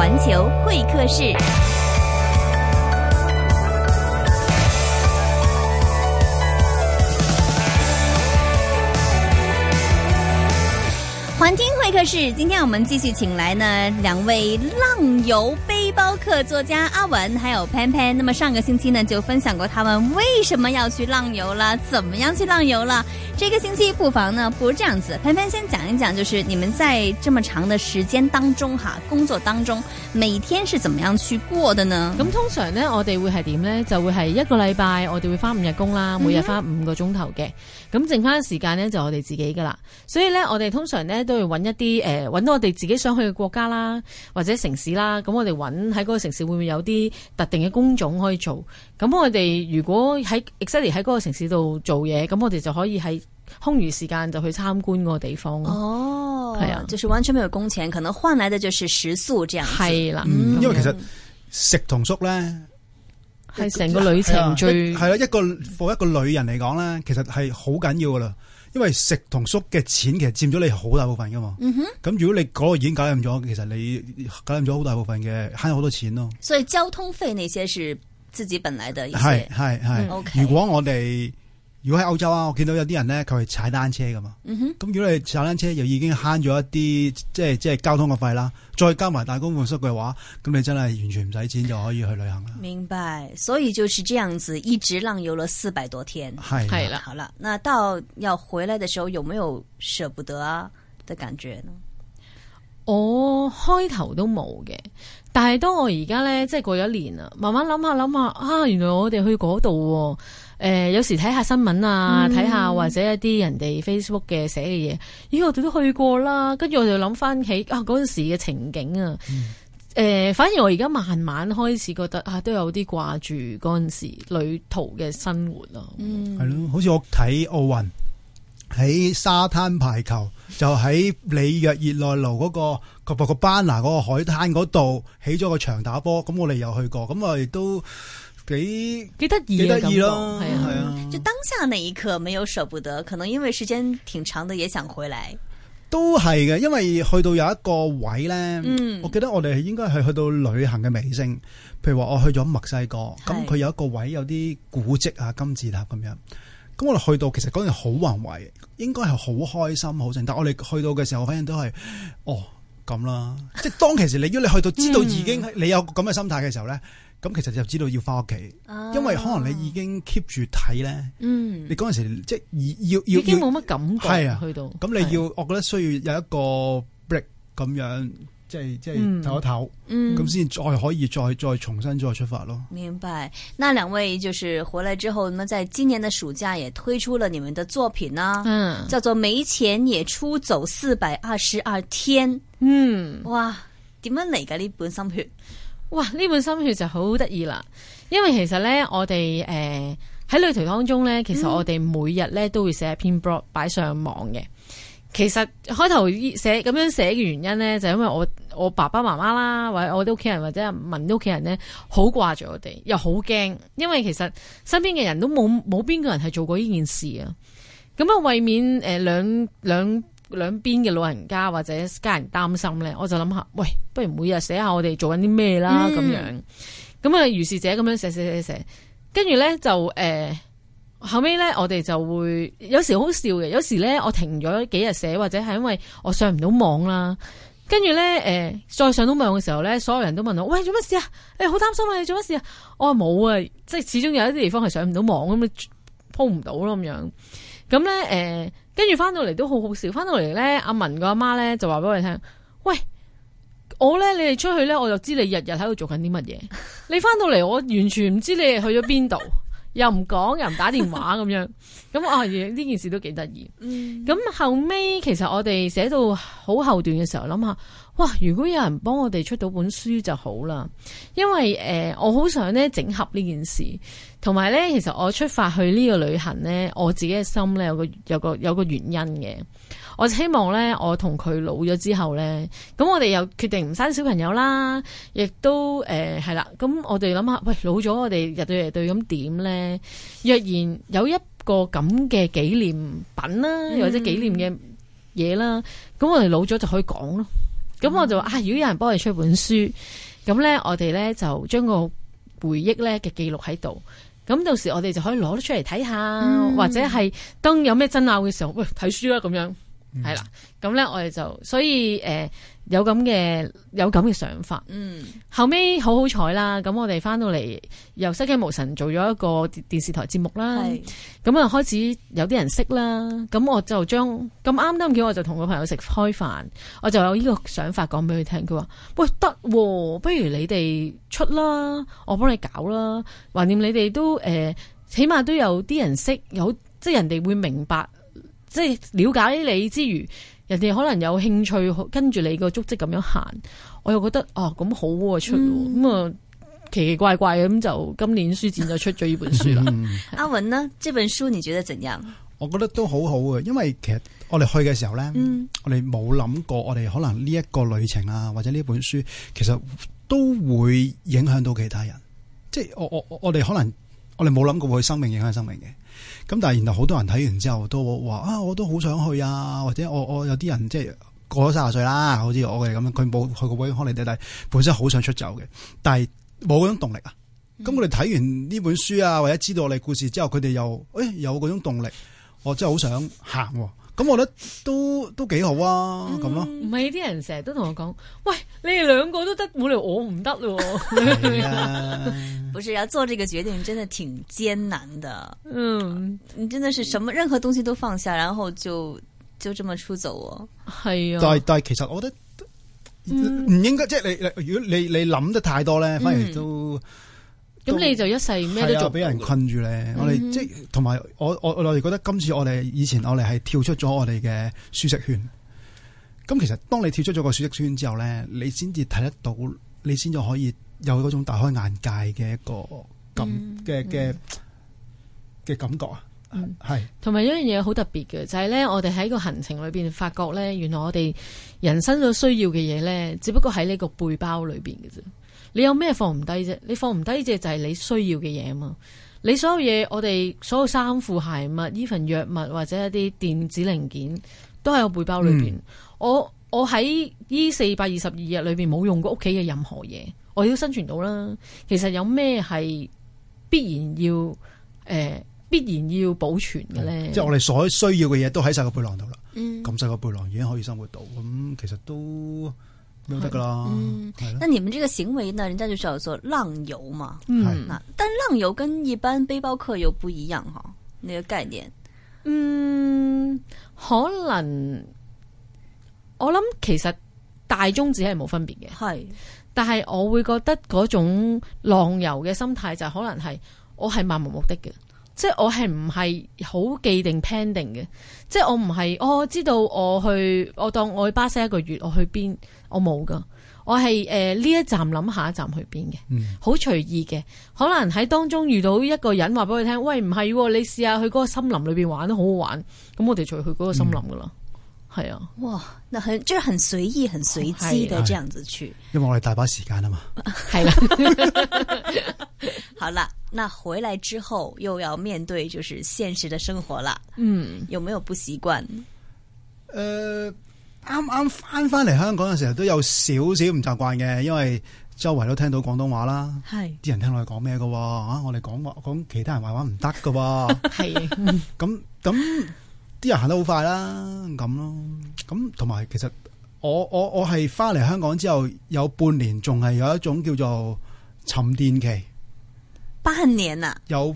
環球會客室，環聽會客室，今天我們繼續請來呢兩位浪遊，背包客作家阿文，還有潘潘，那麼上個星期呢就分享過他們為什麼要去浪遊啦，怎麼樣去浪遊啦。這個星期不妨呢，不如這樣子，潘潘先講一講，就是你們在這麼長的時間當中，哈，工作當中，每天是怎麼樣去過的呢？咁通常呢， 嗯、我哋會係點呢？就會係一個禮拜，我哋會翻五日工啦，每日翻五個鐘頭嘅，咁剩翻時間呢就我哋自己噶啦。所以呢，我哋通常呢，都會揾一啲誒，揾到我哋自己想去嘅國家啦，或者城市啦，咁我哋揾。喺嗰個城市會唔會有啲特定嘅工種可以做？咁我哋如果喺意大利喺嗰個城市度做嘢，咁我哋就可以喺空餘時間就去參觀嗰個地方。哦，係啊，就算完全沒有工錢，可能換嚟的就是食宿這樣。係啦、啊，嗯、因為其實、嗯、食同宿咧係成個旅程最係啦、啊啊啊，一個放一,一個女人嚟講咧，其實係好緊要噶啦。因為食同宿嘅錢其實佔咗你好大部分噶嘛，咁、嗯、哼如果你嗰個已經搞掂咗，其實你搞掂咗好大部分嘅慳好多錢咯。所以交通費那些是自己本來嘅一些係係係。嗯、OK，如果我哋如果喺歐洲啊，我見到有啲人咧，佢係踩單車噶嘛。咁、嗯、哼如果你踩單車又已經慳咗一啲，即係即係交通嘅費啦，再加埋大公共宿嘅話，咁你真係完全唔使錢就可以去旅行啦。明白，所以就是這樣子，一直浪遊咗四百多天。係啦的，的好啦，那到要回來嘅時候，有沒有捨不得啊嘅感覺呢？我開頭都冇嘅，但係當我而家咧，即係過咗一年啦，慢慢諗下諗下，啊，原來我哋去嗰度，誒、呃，有時睇下新聞啊，睇下、嗯、或者一啲人哋 Facebook 嘅寫嘅嘢，咦，我哋都去過啦，跟住我就諗翻起啊嗰陣時嘅情景啊，誒、嗯呃，反而我而家慢慢開始覺得啊，都有啲掛住嗰陣時旅途嘅生活咯、啊，嗯，係咯，好似我睇奧運。喺沙灘排球就喺里約熱內盧嗰個個個班拿嗰個海灘嗰度起咗個場打波，咁我哋又去過，咁我哋都幾幾得意，幾得意咯。係啊，係啊，就當下那一刻沒有捨不得，可能因為時間挺長的，也想回來。都係嘅，因為去到有一個位咧，嗯、我記得我哋應該係去到旅行嘅尾聲。譬如話我去咗墨西哥，咁佢有一個位有啲古跡啊，金字塔咁樣。我哋去到，其實嗰陣好宏偉，應該係好開心、好正。但我哋去到嘅時候，反正都係哦咁啦。 即係當其時你，你要你去到知道已經你有咁嘅心態嘅時候咧，咁、嗯、其實就知道要翻屋企，啊、因為可能你已經 keep 住睇咧。嗯，你嗰陣時即係要要已經冇乜感覺，係啊，去到。咁你要，啊、我覺得需要有一個 break 咁樣。.即係即係唞一唞，咁先再可以再、嗯、再重新再出發咯。明白。那兩位就是回來之後，咁啊在今年的暑假也推出了你們的作品啦、啊。嗯，叫做沒錢也出走四百二十二天。嗯，哇！點樣嚟嘅呢本心血？哇！呢本心血就好得意啦，因為其實呢，我哋誒喺旅途當中呢，其實我哋每日呢都會寫一篇 blog 擺上網嘅。其實開頭寫咁樣寫嘅原因咧，就係因為我我爸爸媽媽啦，或者我啲屋企人，或者問啲屋企人咧，好掛住我哋，又好驚，因為其實身邊嘅人都冇冇邊個人係做過呢件事啊。咁啊，為免誒兩兩兩邊嘅老人家或者家人擔心咧，我就諗下，喂，不如每日寫下我哋做緊啲咩啦，咁樣，嗯。咁啊，如是者咁樣寫寫寫寫，跟住咧就誒。呃後尾咧，我哋就會有時好笑嘅。有時咧，我停咗幾日寫，或者係因為我上唔到網啦。跟住咧，誒、呃，再上到網嘅時候咧，所有人都問我：喂，做乜事啊？誒、欸，好擔心啊！你做乜事啊？我話冇啊，即係始終有一啲地方係上唔到網咁，鋪唔到咯咁樣。咁咧，誒、呃，跟住翻到嚟都好好笑。翻到嚟咧，阿文個阿媽咧就話俾我哋聽：喂，我咧你哋出去咧，我就知你日日喺度做緊啲乜嘢。你翻到嚟，我完全唔知你去咗邊度。 又唔講又唔打電話咁 樣，咁啊，呢件事都幾得意。咁、嗯、後尾其實我哋寫到好後段嘅時候，諗下，哇！如果有人幫我哋出到本書就好啦，因為誒、呃，我好想咧整合呢件事，同埋呢，其實我出發去呢個旅行呢，我自己嘅心呢，有個有個有個原因嘅。我就希望咧，我同佢老咗之後咧，咁我哋又決定唔生小朋友啦，亦都誒係啦。咁、呃、我哋諗下，喂，老咗我哋日對夜對咁點咧？若然有一個咁嘅紀念品啦，或者紀念嘅嘢啦，咁我哋老咗就可以講咯。咁我就話啊，如果有人幫我哋出本書，咁咧我哋咧就將個回憶咧嘅記錄喺度。咁到時我哋就可以攞得出嚟睇下，嗯、或者係當有咩爭拗嘅時候，喂，睇書啦咁樣。係啦，咁咧我哋就所以誒、呃、有咁嘅有咁嘅想法。嗯，後尾好好彩啦，咁我哋翻到嚟由失驚無神做咗一個電視台節目啦。係是，咁啊開始有啲人識啦。咁我就將咁啱啱啲，我就同個朋友食開飯，我就有呢個想法講俾佢聽。佢話：喂，得、啊，不如你哋出啦，我幫你搞啦。橫掂你哋都誒、呃，起碼都有啲人識，有即係人哋會明白。即係了解你之餘，人哋可能有興趣跟住你個足跡咁樣行，我又覺得哦咁、啊、好啊出咁啊、嗯、奇奇怪怪咁就今年書展就出咗呢本書啦。嗯、是阿文呢？呢本書你覺得怎樣？我覺得都好好啊，因為其實我哋去嘅時候咧，嗯、我哋冇諗過我哋可能呢一個旅程啊，或者呢本書其實都會影響到其他人。即係我我我哋可能。我哋冇諗過會生命影響生命嘅，咁但係然後好多人睇完之後都話啊，我都好想去啊，或者我我有啲人即係、就是、過咗三十歲啦，好似我嘅咁樣，佢冇去過鬼荒嚟，但係本身好想出走嘅，但係冇嗰種動力啊。咁我哋睇完呢本書啊，或者知道我哋故事之後，佢哋又誒有嗰種動力，我真係好想行、啊。咁我覺得都都幾好啊，咁咯、嗯。唔係啲人成日都同我講，喂，你哋兩個都得，冇理由我唔得咯。不是要做這個決定，真的挺艱難的。嗯，你真的是什麼任何東西都放下，然後就就這麼出走哦。係啊，但但其實我覺得唔、嗯、應該，即係你如果你你諗得太多咧，反而都咁、嗯、都你就一世咩都就俾、啊、人困住咧、嗯哼。我哋即係同埋我我我哋覺得今次我哋以前我哋係跳出咗我哋嘅舒適圈。咁其實當你跳出咗個舒適圈之後咧，你先至睇得到，你先至可以。有嗰種大開眼界嘅一個感嘅嘅嘅感覺啊，係、嗯。同埋有一樣嘢好特別嘅，就係咧，我哋喺個行程裏邊發覺咧，原來我哋人生所需要嘅嘢咧，只不過喺呢個背包裏邊嘅啫。你有咩放唔低啫？你放唔低，即係就係你需要嘅嘢啊嘛。你所有嘢，我哋所有衫褲鞋襪、呢份藥物或者一啲電子零件，都喺個背包裏邊、嗯。我我喺呢四百二十二日裏邊冇用過屋企嘅任何嘢。我要生存到啦。其實有咩係必然要誒、呃、必然要保存嘅咧、嗯？即係我哋所需要嘅嘢都喺晒個背囊度啦。咁細個背囊已經可以生活到咁、嗯，其實都都得㗎啦。嗯、係咯。但你們這個行為呢？人家就叫做浪遊嘛。嗯、但浪遊跟一般背包客又不一樣，哈，那個概念。嗯，可能我諗其實大宗旨係冇分別嘅，係。但係我會覺得嗰種浪遊嘅心態就可能係我係漫無目的嘅，即、就、係、是、我係唔係好既定 planning 嘅，即、就、係、是、我唔係，我、哦、知道我去，我當我去巴西一個月，我去邊，我冇噶，我係誒呢一站諗下一站去邊嘅，好隨、嗯、意嘅，可能喺當中遇到一個人話俾佢聽，喂唔係、哦，你試下去個森林裏邊玩都好好玩，咁我哋就去個森林噶啦。嗯係啊，哇！那很，就是、很隨意、很隨機的這樣子去。因為我哋大把時間啊嘛。係啦。好啦，那回來之後又要面對就是現實的生活啦。嗯，有沒有不習慣？誒、呃，啱啱翻翻嚟香港嘅時候都有少少唔習慣嘅，因為周圍都聽到廣東話啦。係是，啲人聽我哋講咩㗎？啊，我哋講話講其他人話話唔得㗎。係，咁咁。啲人行得好快啦，咁咯，咁同埋其實我我我係翻嚟香港之後有半年仲係有一種叫做沉澱期，八年啊，有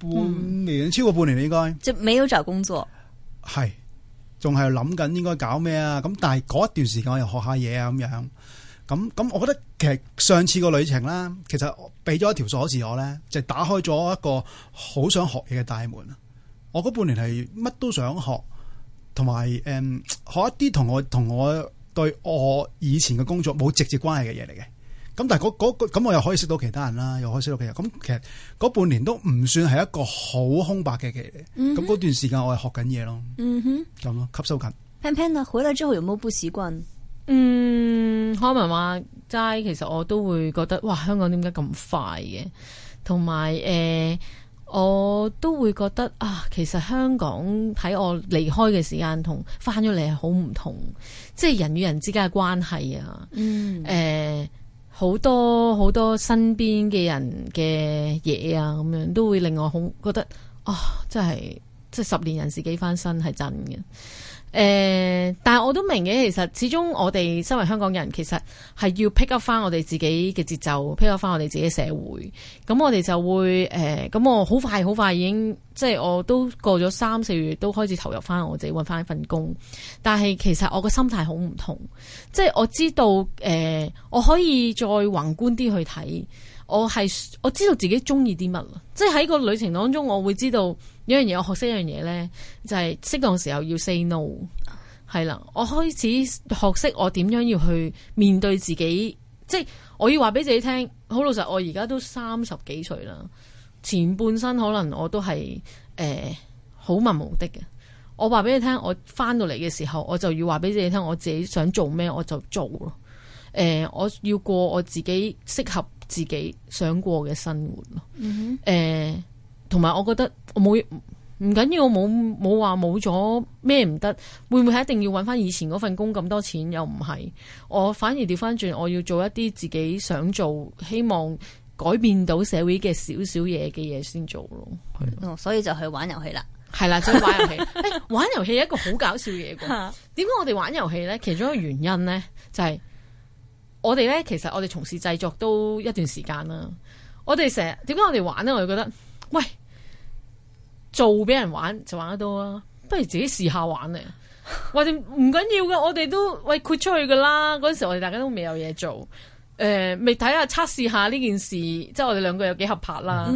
半年、嗯、超過半年啦，應該就未有找工作，係仲係諗緊應該搞咩啊，咁但係嗰一段時間我又學下嘢啊咁樣，咁咁我覺得其實上次個旅程啦，其實俾咗一條鎖匙我咧，就是、打開咗一個好想學嘢嘅大門。我嗰半年係乜都想學，同埋誒學一啲同我同我對我以前嘅工作冇直接關係嘅嘢嚟嘅。咁但係嗰嗰個咁我又可以識到其他人啦，又可以識到其他。咁其實嗰半年都唔算係一個好空白嘅期嚟。咁嗰段時間我係學緊嘢咯。嗯哼，咁咯、嗯哼，吸收緊。Pan Pan 啊，回來之後有冇不習慣？嗯，可文話齋，其實我都會覺得哇，香港點解咁快嘅？同埋誒。呃我都會覺得啊，其實香港喺我離開嘅時間同返咗嚟係好唔同，即係人與人之間嘅關係啊，誒好多、嗯、呃好多身邊嘅人嘅嘢啊，咁樣都會令我好覺得啊，真係即係十年人事幾翻身係真嘅。誒、呃，但係我都明嘅，其實始終我哋身為香港人，其實係要 pick up 翻我哋自己嘅節奏，pick up 翻我哋自己社會。咁我哋就會誒，咁、呃、我好快好快已經，即係我都過咗三四月，都開始投入翻我自己揾翻一份工。但係其實我個心態好唔同，即係我知道誒、呃，我可以再宏觀啲去睇。我係我知道自己中意啲乜即係喺個旅程當中，我會知道有樣嘢我學識一樣嘢呢，就係、是、適當時候要 say no，係啦，我開始學識我點樣要去面對自己，即、就、係、是、我要話俾自己聽，好老實，我而家都三十幾歲啦，前半生可能我都係誒好盲目的嘅，我話俾你聽，我翻到嚟嘅時候，我就要話俾自己聽，我自己想做咩我就做咯，誒、呃、我要過我自己適合。自己想過嘅生活咯，誒、mm，同、hmm. 埋、呃、我覺得我冇唔緊要，我冇冇話冇咗咩唔得，會唔會係一定要揾翻以前嗰份工咁多錢？又唔係我反而調翻轉，我要做一啲自己想做，希望改變到社會嘅少少嘢嘅嘢先做咯的、哦。所以就去玩遊戲啦，係啦， 就玩遊戲。誒、欸，玩遊戲一個好搞笑嘢嘅，點解我哋玩遊戲呢？其中一個原因呢、就是，就係。我哋咧，其實我哋從事製作都一段時間啦。我哋成日點解我哋玩咧？我哋覺得，喂，做俾人玩就玩得到啊！不如自己試下玩咧， 或者唔緊要噶。我哋都喂豁出去噶啦。嗰時我哋大家都未有嘢做，誒、呃，未睇下測試下呢件事，即係我哋兩個有幾合拍啦。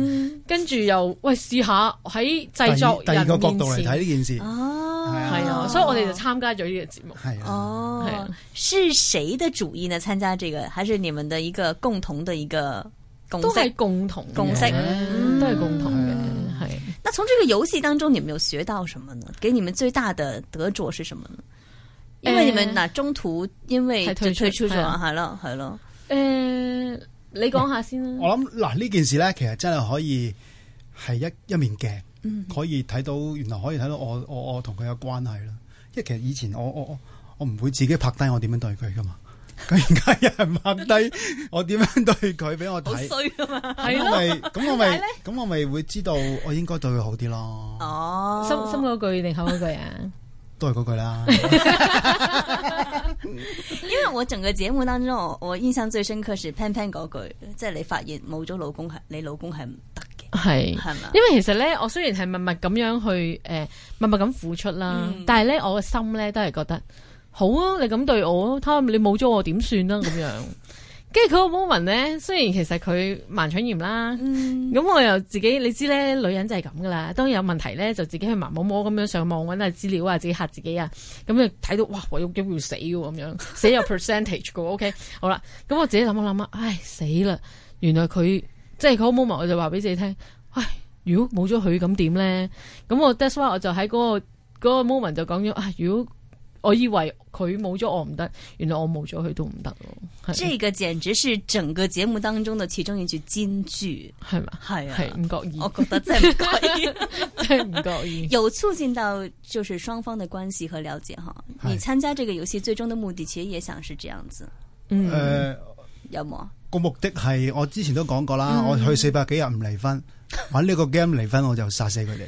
跟住、嗯、又喂試下喺製作人第、第二個角度嚟睇呢件事。啊係啊，啊所以我哋就參加咗呢個節目。係啊，係，是誰的主意呢？參加這個，還是你們的一個共同的一個？都係共同共識，都係共同嘅。係識。那從這個遊戲當中，你們有學到什麼呢？給你們最大的得着是什麼呢？因為你們嗱中途因為就退出咗，係咯係咯。誒，你講下先啦、啊。我諗嗱呢件事咧，其實真係可以係一一面鏡。可以睇到，原來可以睇到我我我同佢嘅關係啦。因為其實以前我我我唔會自己拍低我點樣對佢噶嘛，佢而家有人拍低我點樣對佢俾我睇，好衰噶嘛、嗯。咁咪咁我咪、就、咁、是 嗯、我咪會知道我應該對佢好啲咯。哦、就是，深深嗰句定後嗰句啊？都係嗰句啦。 因為我整個節目當中，我我印象最深刻是 Pan Pan 嗰句，即係你發現冇咗老公係你老公係唔得。係，因為其實咧，我雖然係默默咁樣去，誒、呃，默默咁付出啦，但係咧，我嘅心咧都係覺得好啊！你咁對我，Tom，你冇咗我點算啊？」咁樣，跟住佢個 moment 咧，雖然其實佢盲腸炎啦，咁、嗯、我又自己，你知咧，女人就係咁噶啦，當然有問題咧，就自己去盲摸摸咁樣上網搵下資料啊，自己吓自己啊，咁就睇到哇，我要驚要死噶咁樣，死有 percentage 噶 ，OK，好啦，咁、嗯、我自己諗一諗啊，唉，死啦，原來佢。即係嗰、那個 moment，我就話俾自己聽，唉，如果冇咗佢咁點咧？咁我 that's why 我就喺嗰、那個、那個 moment 就講咗，啊，如果我以為佢冇咗我唔得，原來我冇咗佢都唔得咯。呢個簡直係整個節目當中嘅其中一句金句，係嘛、嗯？係係唔覺意，yeah, 我覺得 真唔覺意，唔覺意。有促進到就是雙方嘅關係和了解嗬，yeah. 你參加呢個遊戲最終嘅目的，其實也想是這樣子。嗯，有冇？個目的係，我之前都講過啦，我去四百幾日唔離婚， 玩呢個 game 離婚我就殺死佢哋。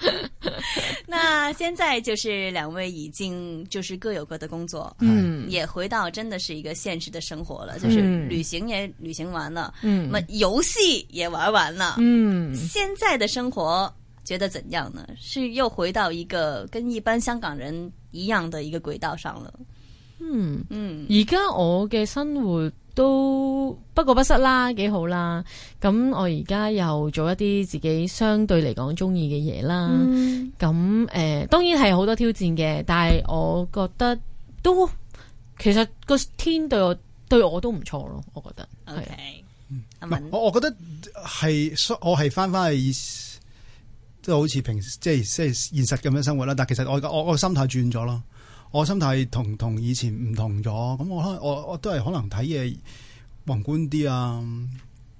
那現在就是兩位已經就是各有各的工作，嗯，也回到真的是一個現實的生活了，就是旅行也旅行完了，嗯，咁遊戲也玩完了，嗯，現在的生活覺得怎樣呢？是又回到一個跟一般香港人一樣的一個軌道上了。嗯，而家我嘅生活都不過不失啦，幾好啦。咁我而家又做一啲自己相對嚟講中意嘅嘢啦。咁誒、嗯呃，當然係好多挑戰嘅，但係我覺得都其實個天對我對我都唔錯咯。我覺得，OK，我我覺得係我係翻翻去即係好似平時即係即係現實咁樣生活啦。但係其實我我我個心態轉咗咯。我心態同同以前唔同咗，咁我可能我我都係可能睇嘢宏觀啲啊，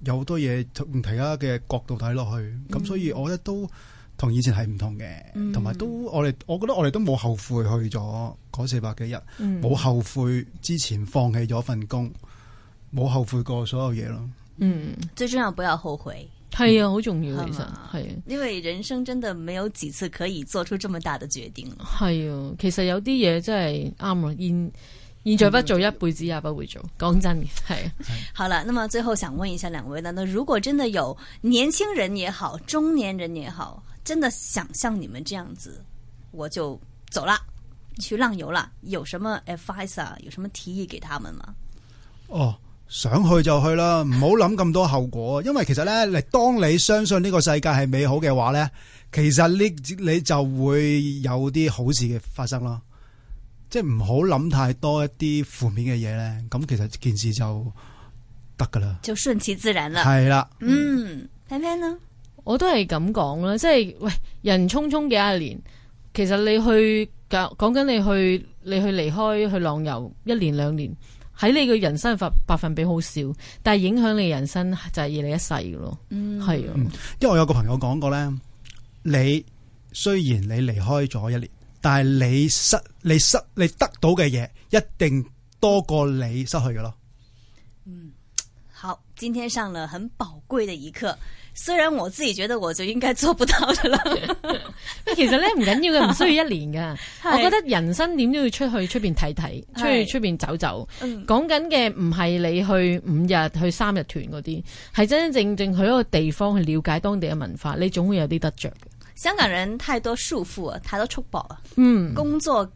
有好多嘢從其他嘅角度睇落去，咁、嗯、所以我覺得都同以前係唔同嘅，同埋都我哋我覺得我哋都冇後悔去咗嗰四百幾日，冇、嗯、後悔之前放棄咗份工，冇後悔過所有嘢咯。嗯，最重要不要後悔。係啊，好重要其實係啊，因為人生真的沒有幾次可以做出這麼大的決定。係啊，其實有啲嘢真係啱咯，現現在不做，嗯、一輩子也不會做。講、嗯、真嘅係。是好了，那麼最後想問一下兩位啦，那如果真的有年輕人也好，中年人也好，真的想像你們這樣子，我就走了去浪遊啦，有什麼 advice、啊、有什麼提議給他們嗎？哦。想去就去啦，唔好諗咁多後果。因為其實咧，你當你相信呢個世界係美好嘅話咧，其實你你就會有啲好事嘅發生啦。即係唔好諗太多一啲負面嘅嘢咧，咁其實件事就得㗎啦。就順其自然啦。係啦了，嗯，嗯平平呢？我都係咁講啦，即係喂，人匆匆幾廿年，其實你去講講緊你去，你去離開去浪遊一年兩年。喺你嘅人生分百分比好少，但係影響你人生就係、是、你一世嘅咯，係啊、嗯的嗯。因為我有個朋友講過咧，你雖然你離開咗一年，但係你失你失你得到嘅嘢一定多過你失去嘅咯。嗯好，今天上了很寶貴的一課。雖然我自己覺得我就應該做不到嘅啦。 其實呢，唔緊要嘅，唔需要一年噶。好我覺得人生點都要出去出邊睇睇，出去出邊是走走。講緊嘅唔係你去五日去三日團嗰啲，係真真正正去一個地方去了解當地嘅文化，你總會有啲得着。香港人太多束縛，太多束縛啊！嗯、工作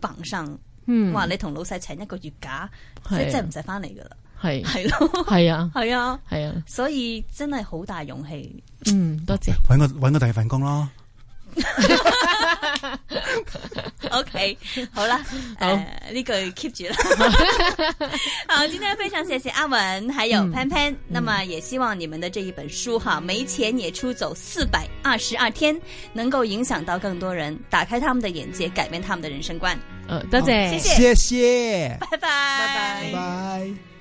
綁上，嗯，話你同老細請一個月假，即係唔使翻嚟噶啦。 係係咯，係啊，係啊，係啊，所以真係好大勇氣。嗯，多謝。搵個搵個第二份工咯。OK，好啦，誒，呢句 keep 住啦。好，今天非常謝謝阿文，還有潘潘。那麼也希望你們的這一本書哈，沒錢也出走四百二十二天，能夠影響到更多人，打開他們的眼界，改變他們的人生觀。嗯，多謝，謝謝，謝謝，拜拜，拜拜，拜。